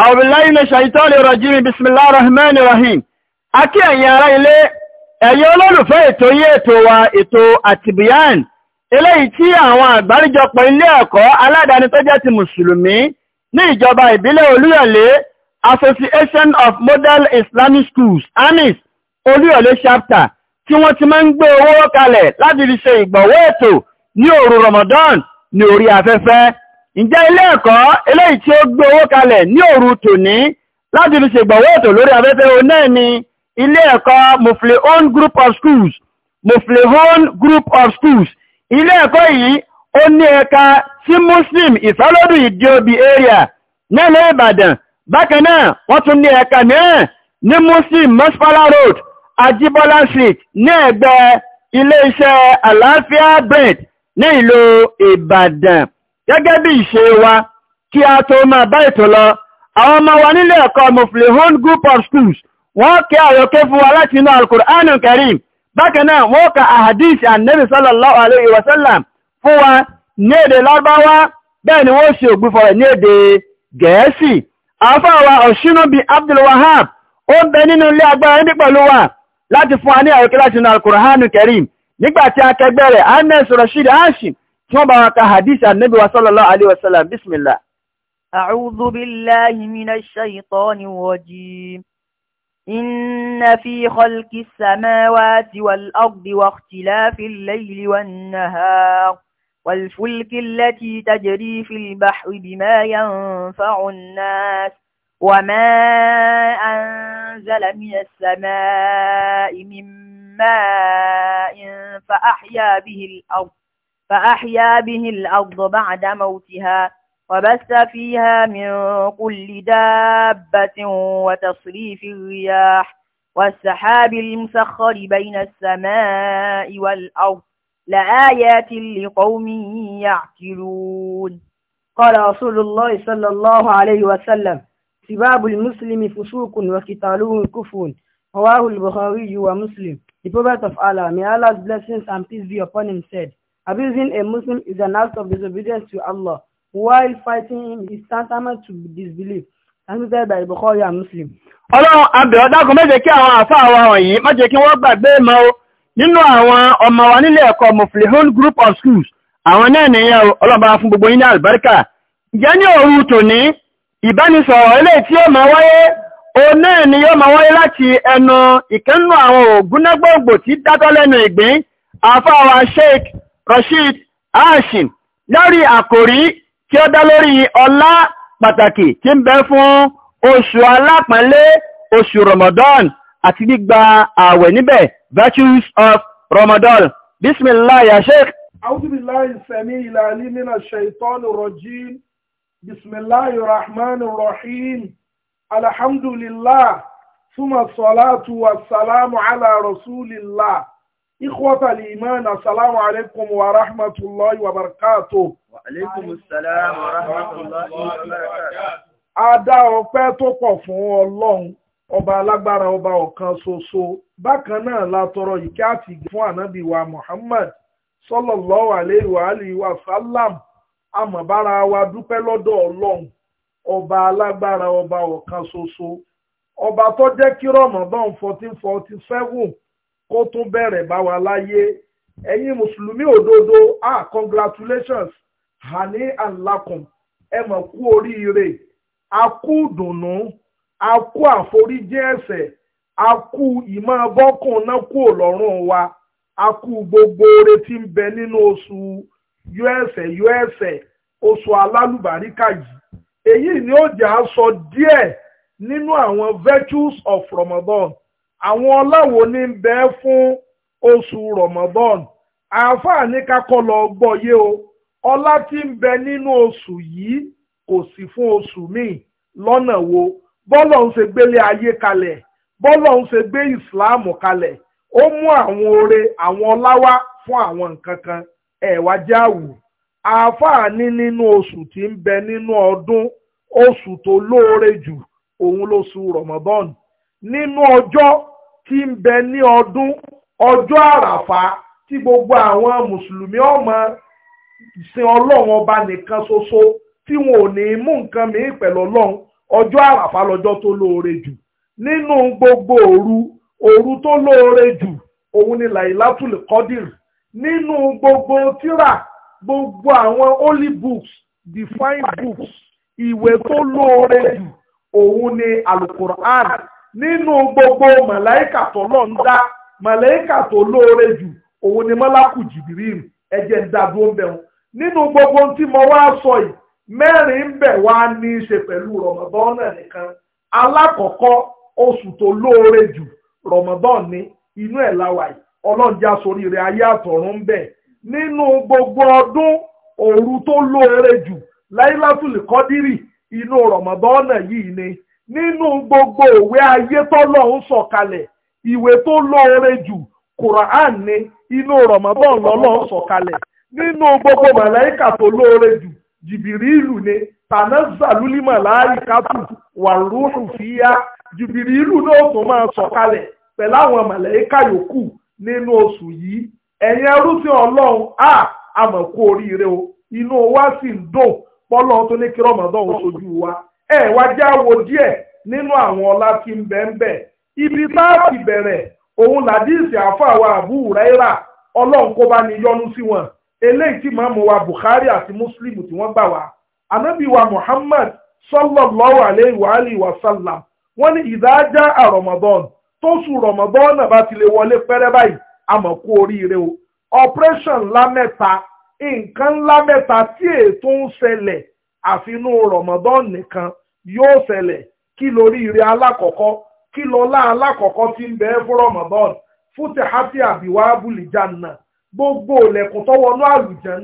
أعوذ من الشيطان الرجيم بسم الله الرحمن الرحيم Akí ẹ̀yin ará ilé, ẹ̀yin olólùfẹ́ ètò yí ètò wa ètò àtìbíyàn, eléyìí tí àwọn àgbáríjọpọ̀ ilé ẹ̀kọ́ aládàáni tó jẹ́ ti Mùsùlùmí ní ìjọba ìbílẹ̀ Olúyọ̀lé, Association of Model Islamic Schools, ANIS, Olúyọ̀lé chapter, tí wọ́n ti máa ń gbé owó kalẹ̀ láti fi ṣe ìgbọ̀wọ́ ètò ní òru Ramadan ní orí afẹ́fẹ́ ǹjẹ́ ilé ẹ̀kọ́ eléyìí tí ó gbé owó kalẹ̀ ní òru tòní láti fi ṣègbọ̀wọ́ ètò lórí afẹ́fẹ́ o náà ni ilé ẹ̀kọ́ Muflihun Group of Schools Muflihun Group of Schools ilé ẹ̀kọ́ yìí ó ní ẹ̀ka tí Muslim ìfẹ́lódù ìdíobì area nílẹ̀ Ìbàdàn bákan náà wọ́n tún ní ẹ̀ka mìíràn ní Muslim Mosfala Road Ajibola Street ní ẹ̀gbẹ́ ilé iṣẹ́ àlàáfíà bread ní ìlú Ìbàdàn gẹ́gẹ́ bí ìṣe wa kí a tó máa bá ètò lọ àwọn ọmọ wa nílé ẹ̀kọ́ muflihun group of schools wọ́n kí àyọkẹ́ fún wa láti inú alkùránù karim bákan náà wọ́n ka ahadith annabi sallallahu alayhi wa sallam fún wa ní èdè lárúbáwá bẹ́ẹ̀ ni wọ́n ṣe ògbúfọ̀ rẹ̀ ní èdè gẹ̀ẹ́sì àfáàwà ọ̀ṣínúbí abdulwahab ó ń bẹ nínú ilé agbára ní pẹ̀lú wa láti fún wa ní àyọkẹ́ láti inú alkùránù karim nígbàtí akẹgbẹ́ rẹ̀ anes rashid hashim tí wọ́n النبي صلى الله عليه وسلم بسم الله أعوذ بالله من الشيطان الرجيم إن في خلق السماوات والأرض واختلاف الليل والنهار والفلك التي تجري في البحر بما ينفع الناس وما أنزل من السماء من ماء فأحيا به الأرض فأحيا به الأرض بعد موتها وبث فيها من كل دابة وتصريف الرياح والسحاب المسخر بين السماء والأرض لآيات لقوم يعقلون قال رسول الله صلى الله عليه وسلم سباب المسلم فسوق وقتاله كفر رواه البخاري ومسلم The Prophet of Allah, may Allah's blessings and peace be upon him, said, Abusing a Muslim is an act of disobedience to Allah, while fighting him is tantamount to disbelief. Transmitted by you are Muslim. Ọlọ́run abẹ̀ ọ̀dákun méje kí àwọn àfáà wa wọ̀nyí má jẹ́ kí wọ́n gbàgbé ìmọ̀ o nínú àwọn ọmọ wa nílé ẹ̀kọ́ Muflihun Group of Schools. Àwọn náà nìyẹn ọlọ́ba fún gbogbo yín ní àlùbáríkà. Ǹjẹ́ ní òru tòní, ìbánisọ̀rọ̀ ilé tí ó máa wáyé, òun náà ni yóò máa wáyé láti ẹnu ìkẹ́nu àwọn ògúnnágbòǹgbò tí dátọ́ lẹ́nu ìgbín, àfáà wa Sheikh Rashid Ashin, lórí àkòrí tí ó dá lórí ọlá pàtàkì tí ń bẹ fún oṣù alápọ̀nlé oṣù Ramadan àti gbígba ààwẹ̀ níbẹ̀ virtues of Ramadan. Bismillah ya Sheikh. أعوذ بالله السميع العليم من الشيطان الرجيم بسم الله الرحمن الرحيم الحمد لله ثم الصلاة والسلام على رسول الله إخوة الإيمان السلام عليكم ورحمة الله وبركاته وعليكم السلام ورحمة الله وبركاته A dá ọpẹ́ tó pọ̀ fún Ọlọ́run ọba alágbára ọba ọ̀kan ṣoṣo bákan náà la tọrọ ìkẹ́ àti ìgbẹ́ fún ànábì wa Muhammad sallallahu alayhi wa alihi wa sallam àmọ̀bára wa dúpẹ́ lọ́dọ̀ Ọlọ́run ọba alágbára ọba ọ̀kan ṣoṣo ọba tó jẹ́ kí Ramadan fourteen kó tún bẹ̀rẹ̀ bá wa láyé ẹ̀yin mùsùlùmí òdodo ah congratulations hani alakun ẹ mọ̀ kú oríire a kú dùnnú a kú àforíjì ẹ̀ṣẹ̀ a kú ìmọ̀ bọ́kùn náà kú lọ́rùn wa a kú gbogbo oore tí ń bẹ nínú oṣù usa usa oṣù alálùbáríkà yìí èyí ni ó jà á sọ díẹ̀ nínú àwọn virtues of Ramadan àwọn ọláwo ní ń bẹ fún oṣù Ramadan àáfàá ní kakọ́ lọ gbọ́ yé o ọlá tí ń bẹ nínú oṣù yìí kò sí fún oṣù míì lọ́nà wo bọ́lọ̀ ń ṣe gbélé ayé kalẹ̀ bọ́lọ̀ ń ṣe gbé ìsìláàmù kalẹ̀ ó mú àwọn oore àwọn ọláwá fún àwọn nǹkan kan ẹ̀wá jáwù àáfàá ní nínú oṣù tí ń bẹ nínú ọdún oṣù tó lóore jù òun lóṣù Ramadan nínú ọjọ́ tí ń bẹ ní ọdún ọjọ́ àràfà tí gbogbo àwọn mùsùlùmí ọmọ sin ọlọ́run ọba nìkan ṣoṣo tí wọn ò ní mú nǹkan mìíràn pẹ̀lú ọlọ́run ọjọ́ àràfà lọ́jọ́ tó lóore jù nínú gbogbo òru òru tó lóore jù òun ni làyílátùlù kọ́dìr nínú gbogbo tírà gbogbo àwọn holy books divine books ìwé tó lóore jù òun ni alukur'an nínú gbogbo màláìkà tó lọ ń dá màláìkà tó lóore jù òun ni mọ́lákù jìbìrìrì ẹ̀jẹ̀ ń dá dúró bẹ̀rù nínú gbogbo tí mo wá sọ yìí mẹ́rin ń bẹ̀ wá ní í ṣe pẹ̀lú rọ̀mọ̀dọ́nà nìkan alákọ̀ọ́kọ́ oṣù tó lóore jù rọ̀mọ̀dọ́n ni inú ẹ̀ láwà yìí ọlọ́njà sórí rẹ̀ ayé àtọ̀run ń bẹ̀ nínú gbogbo ọdún òru tó lóore jù láìlátùlù kọ́dírì inú rọ̀mọ̀dọ́nà yìí ni nínú gbogbo òwe ayé tọ́lọ́hún sọ̀kalẹ̀ ìwé tó lóore jù Quran ni inú Ramadan lọ́lọ́hún sọ̀kalẹ̀ nínú gbogbo màláìkà tó lóore jù Jìbìrìlù ni tanazaluli wà wàrúhù fìyà Jìbìrìlù ní tó máa sọ̀kalẹ̀ pẹ̀lú àwọn màláìkà yòókù nínú oṣù yìí ẹ̀yin ẹrúsìn ọlọ́run a àmọ̀ kú oríire o inú wa sì ń dùn pọ́lọ́ tó ní kí Ramadan oṣojú wa. ẹ wá já wo díẹ̀ nínú àwọn ọlá tí ń bẹ ń bẹ ibi tá a ti bẹ̀rẹ̀ òun làdíìsì àfàwà àbú rẹ́rà ọlọ́run kó bá ní yọ́nú sí wọn eléyìí tí màmú wa Bukhari àti Muslim tí wọ́n gbà wá anabi wa Muhammad sallallahu alayhi wa alihi wa sallam wọ́n ní ìdájá àrọ̀mọ̀dọ́n tó sùn rọ̀mọ̀dọ́n náà bá ti lè wọlé pẹ́rẹ́ báyìí àmọ́ kú oríire o operation ńlá mẹ́ta nǹkan ńlá mẹ́ta tí ètò ń ṣẹlẹ̀ àfinú rọ̀mọ̀dọ́n nìkan yóò ṣẹlẹ̀ kí lóríire alákọ̀ọ́kọ́ kí lọ́lá alákọ̀ọ́kọ́ ti ń bẹ fún Ramadan futihati àbíwá abúlìjánà gbogbo ilẹ̀kùn tó wọnú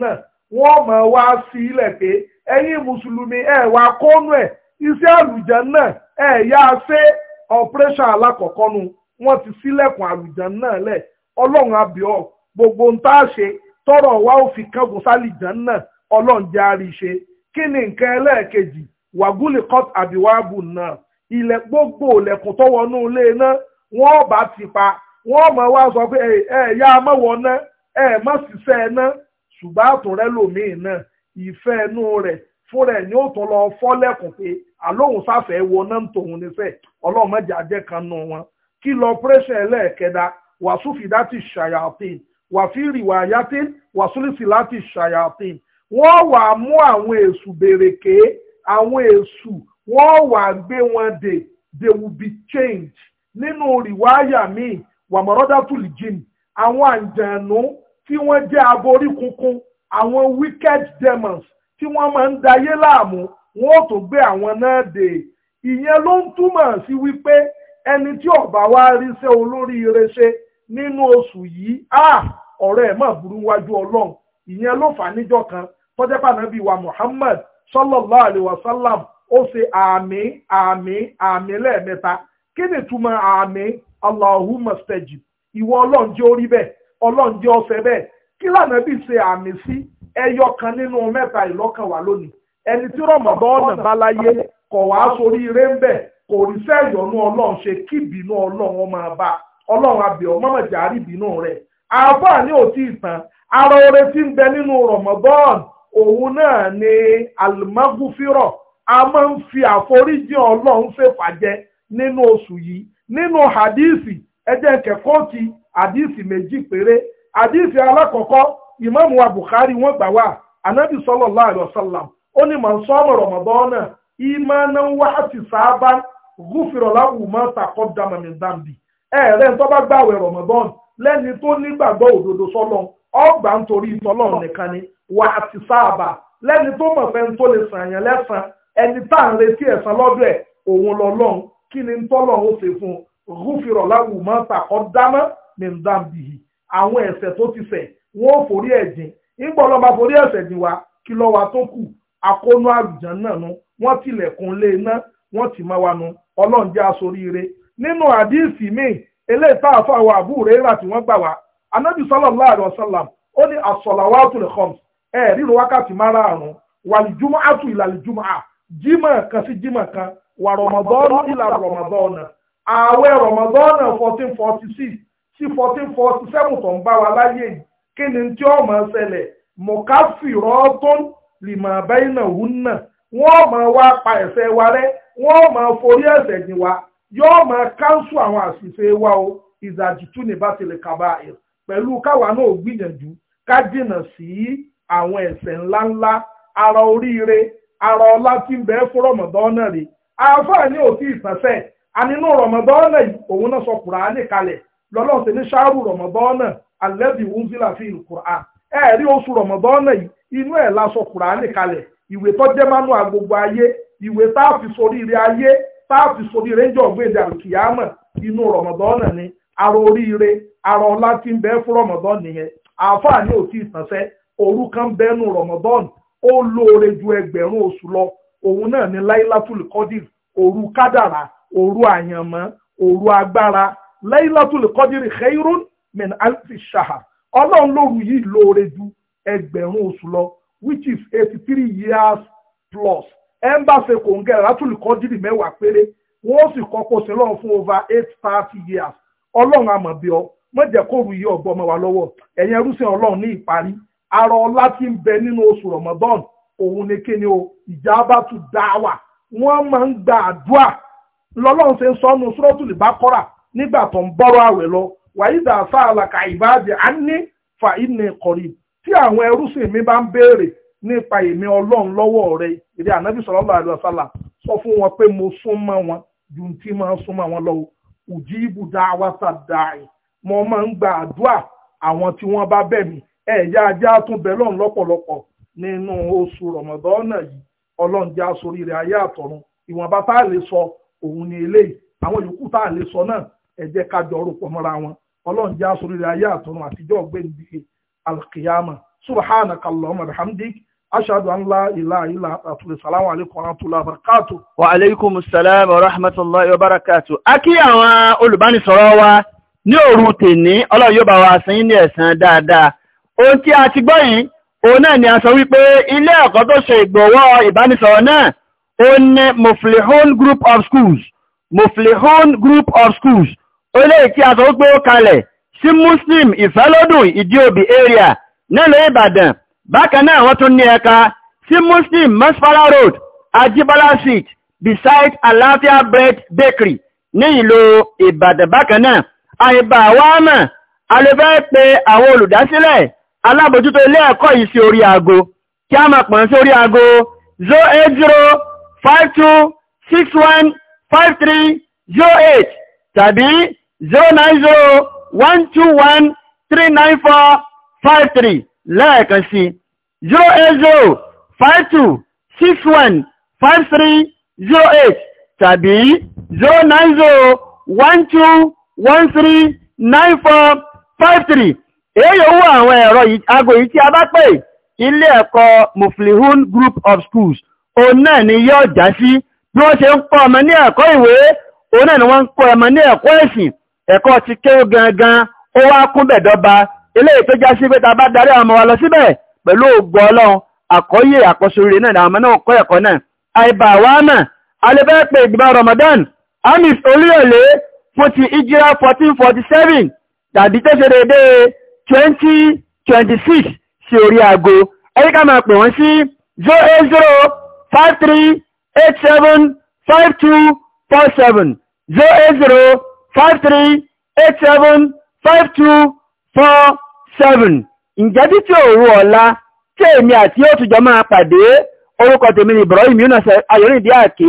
náà wọ́n máa wá sí ilẹ̀ pé ẹ̀yin mùsùlùmí ẹ̀ wá kónú ẹ̀ iṣẹ́ náà ẹ̀ yá ṣe operation alákọ̀ọ́kọ́ nu wọ́n ti sílẹ̀kùn náà lẹ̀ ọlọ́run abiọ́ gbogbo ń tá a ṣe tọrọ wa òfin fi kángun sálìjánà ọlọ́run jẹ́ àríṣe kí ni nǹkan ẹlẹ́ẹ̀kejì wàgúlì court àbíwáàbù náà ilẹ̀ gbogbo ilẹ̀kùn tó wọnú ilé náà wọ́n bá ti pa wọ́n mọ̀ wá sọ pé ẹ ya mọ̀wọ́ náà ẹ mọ̀ ṣiṣẹ́ náà ṣùgbọ́n àtúnrẹ́ lòmíì náà ìfẹ́ inú rẹ̀ fún rẹ̀ ni ó tún lọ fọ́lẹ̀kùn pé àlóhùn sáfẹ́ wọ náà ń tòun nífẹ̀ẹ́ ọlọ́mọdé ajẹ́ kan nù wọn kí lọ pírẹ́ṣẹ̀ ẹlẹ́ẹ̀kẹta wàsúfì láti ṣàyàtìn wàfíìrì wàyàtìn wàsúlìsì láti ṣàyàtìn wọ́n wàá mú àwọn èṣù bèrèké àwọn èṣù wọ́n wà gbé wọn dè they will be changed nínú rìwáyà míì wàmọ̀rọ́dátùlì jìn àwọn àjànú tí wọ́n jẹ́ aborí kunkun àwọn wicked demons tí wọ́n máa ń dayé láàmú wọ́n ò tó gbé àwọn náà dè ìyẹn ló ń túmọ̀ sí wípé ẹni tí ọba wa rí iṣẹ́ olóríire ṣe nínú oṣù yìí ọ̀rẹ́ ẹ̀ má burú wájú ọlọ́run ìyẹn ló fà níjọ́ kan tọ́jẹ́ pàdánù bíi wa Muhammad sallallahu alaihi wasallam ó ṣe àmín àmín àmín lẹ́ẹ̀mẹ́ta kí ni túmọ̀ àmín allahumma stajib ìwọ ọlọ́run jẹ́ orí bẹ́ẹ̀ ọlọ́run jẹ́ ọ̀sẹ̀ bẹ́ẹ̀ kí lànà bí ṣe àmín sí ẹyọ kan nínú mẹ́ta ìlọ́kàn wà lónìí ẹni tí rọ̀mọ̀dọ́nà bá láyé kọ̀ wá sórí eré ń bẹ̀ kò rí sẹ́yọ̀nù ọlọ́run ṣe kí ìbínú ọlọ́run ọmọ àbá ọlọ́run àbẹ̀ọ́ mọ́mọ̀jà rí ìbínú rẹ̀ àbá ní òtí ìtàn ara oore tí ń bẹ nínú rọ̀mọ̀dọ́nà òun náà ni almagufiro a máa ń fi àforíjì ọlọ́run fèfàjẹ nínú oṣù yìí nínú hadisi ẹjẹ́ kẹ́kọ̀ọ́ hadisi méjì péré hadisi alakọkọ ìmáàmù wa Bukhari wọ́n gbà wá anabi sallallahu ó ní màá ma taqaddama min dhanbi ẹ̀ẹ́dẹ́n tó bá gbàwẹ̀ Ramadan lẹ́ni tó nígbàgbọ́ òdodo ọgbà nítorí ìtọ́lọ́run nìkan ni wà á ti sáàbà lẹ́ni tó mọ̀ fẹ́ tó lè sàn yàn lẹ́sàn ẹni tá à ń retí ẹ̀san lọ́dọ̀ ẹ̀ òun lọ́lọ́run kí ni tọ́lọ́run ó ṣe fún un rúfìrọ̀ láwù mọ́ tàkọ́ dámọ́ ní dàbíyì àwọn ẹ̀ṣẹ̀ tó ti ṣẹ̀ wọ́n ò forí ẹ̀ jìn nígbà ọlọ́ba forí ẹ̀ṣẹ̀ jìn wa kí lọ́wọ́ tó kù akónú àlùjàn náà nu wọ́n tilẹ̀kùn anábì sallallahu alaihi wasallam ó ní as-salawatul khams ẹ̀ ríro wákàtí márààrún wàlìjúmọ́ àtù ìlàlìjúmọ́ à jímọ̀ kan sí jímọ̀ kan wà rọmọdọ́nù ìlà rọmọdọ́nù ààwẹ̀ rọmọdọ́nù fourteen forty six sí fourteen forty seven tó ń bá wa láyé yìí kí ni tí ó máa ṣẹlẹ̀ mọ̀káfìrọ́tún lìmọ̀ àbẹ́yìnà òun náà wọ́n máa wá pa ẹ̀ṣẹ̀ wa rẹ́ wọ́n máa forí ẹ̀ṣẹ̀ jìn wa yóò máa káńsù àwọn àṣìṣe wa o ìdajì ní bá tilẹ̀ kaba ẹ̀ pẹ̀lú káwa náà gbìyànjú ká dènà sí àwọn ẹ̀ṣẹ̀ ńláńlá ara oríire ara ọlá tí ń bẹ fún rọmọdọ́nà rè àfààní òfin ìfẹ́fẹ́ àninú rọmọdọ́nà yìí òun náà sọ kùránì kalẹ̀ lọ́lọ́sẹ ní sáárù rọmọdọ́nà alẹ́bí wúńsílà fi ìkùrà ẹ̀ rí oṣù rọmọdọ́nà yìí inú ẹ̀ la sọ kùránì kalẹ̀ ìwé tó jẹ́ mánú agbogbo ayé ìwé tá a fi sórí ire ayé tá a fi sórí ire ń jọ ògbéde àlùkìyámọ̀ inú rọmọdọ́nà ni ara oríire ara ọlá tí ń bẹ fún Ramadan nìyẹn àáfàá ní òtí ìsànṣẹ́ òru kan bẹ́nu Ramadan ó lóore ju ẹgbẹ̀rún oṣù lọ òun náà ni láìlátùlù kọ́dìrì òru kádàrà òru àyànmọ́ òru agbára láìlátùlù kọ́dìrì khairun min alfi shahar ọlọ́run lóru yìí lóore ju ẹgbẹ̀rún oṣù lọ which is eighty three years plus ẹ̀ńbàṣe kò ń gẹ̀rẹ́ látùlù kọ́dìrì mẹ́wàá péré wọ́n sì kọ́kọ́ sí lọ́run fún over eight thirty years ọlọ́run àmọ̀bí ọ mọ̀jẹ̀ kóru yìí ọgbọ́n ọmọ wa lọ́wọ́ ẹ̀yin ẹrúsìn ọlọ́run ní ìparí ara ọlá tí ń bẹ nínú oṣù Ramadan òun ni kí ni o dá wà wọ́n máa ń gba àdúà lọ́lọ́run ṣe ń sọ ọ́nù sọ́tùlì bá kọ́ra nígbà tó ń bọ́rọ̀ àwẹ̀ lọ wàyídà sáàlàkà ìbáàdì á ní fa ìní kọ̀rí tí àwọn ẹrúsìn mi bá ń béèrè nípa èmi ọlọ́run lọ́wọ́ rẹ ìdí ànábì sallallahu alaihi sọ fún wọn pé mo súnmọ́ wọn ju ti máa súnmọ́ wọn lọ́wọ́ ùjíìbù dáwàsá dáì mo máa ń gba àdúrà àwọn tí wọ́n bá bẹ̀ mí ẹ̀ yá ajá tún bẹ̀ lọ́n lọ́pọ̀lọpọ̀ nínú oṣù rọ̀mọ̀dọ́nà yìí ọlọ́run já sórí rẹ̀ ayé àtọ̀run ìwọ̀nba tá a lè sọ òun ni eléyìí àwọn yòókù tá a lè sọ náà ẹ jẹ́ ká jọ orúkọ mọ́ra wọn ọlọ́run já sórí rẹ̀ ayé àtọ̀run àtijọ́ ọ̀gbẹ́ni bíi alkiyama subhanaka allahumma أشهد أن لا إله إلا أنت السلام عليكم ورحمة الله وبركاته وعليكم السلام ورحمة الله وبركاته Akí àwọn olùbánisọ̀rọ̀ wa ní òru tèní Ọlọ́run yóò bá wa san yín ní ẹ̀san dáadáa ohun tí a ti gbọ́ yìí òun náà ni a sọ wípé ilé ẹ̀kọ́ tó ṣe ìgbọ̀wọ́ ìbánisọ̀rọ̀ náà ó ní Muflihun Group of Schools Muflihun Group of Schools olóyè tí a sọ wípé ó kalẹ̀ sí Muslim Ìfẹ́lódùn Ìdíòbí area nílùú Ìbàdàn bákan náà wọ́n tún ní ẹ̀ka sí muslim masfara road ajibala street beside alafia bread bakery ní ìlú ìbàdàn bákan náà àìbà wàhámà alẹ́fẹ́ pe àwọn olùdásílẹ̀ alábòjútó ilé ẹ̀kọ́ yìí sí orí aago kí a máa pọ̀n sí orí aago 08052615308 tàbí 09012139453 lẹ́ẹ̀kan sí 08052615308 tàbí 09012139453 èyí yóò wọ àwọn ẹ̀rọ ago yìí tí a bá pè ilé ẹ̀kọ́ muflihun group of schools òun náà ni yóò já sí bí wọ́n ṣe ń kọ́ ọmọ ní ẹ̀kọ́ ìwé òun náà ni wọ́n ń kọ́ ọmọ ní ẹ̀kọ́ ẹ̀sìn ẹ̀kọ́ ti kéwú gangan ó wá kún bẹ̀dọ́ba eléyìí tó já sí pé ta bá darí àwọn ọmọ wa lọ síbẹ̀ pẹ̀lú ògbó ọlọ́run àkọ́yè àkọ́sọ rere náà àwọn ọmọ náà kọ́ ẹ̀kọ́ náà àìbà wa náà alẹ́bẹ́ pé ìgbìmọ̀ Ramadan amis olúyọ̀lé fún ti ijira 1447 tàbí tó ṣe dédé 2026 sí orí aago ẹ̀ríkà máa pè wọ́n sí 08053875247 08053875247 four seven ǹjẹ́ bí tí òru ọ̀la tí èmi àti yóò tùjọ máa pàdé orúkọ tèmi ni Ibrahim Yunus Ayọ̀rìndí Àkè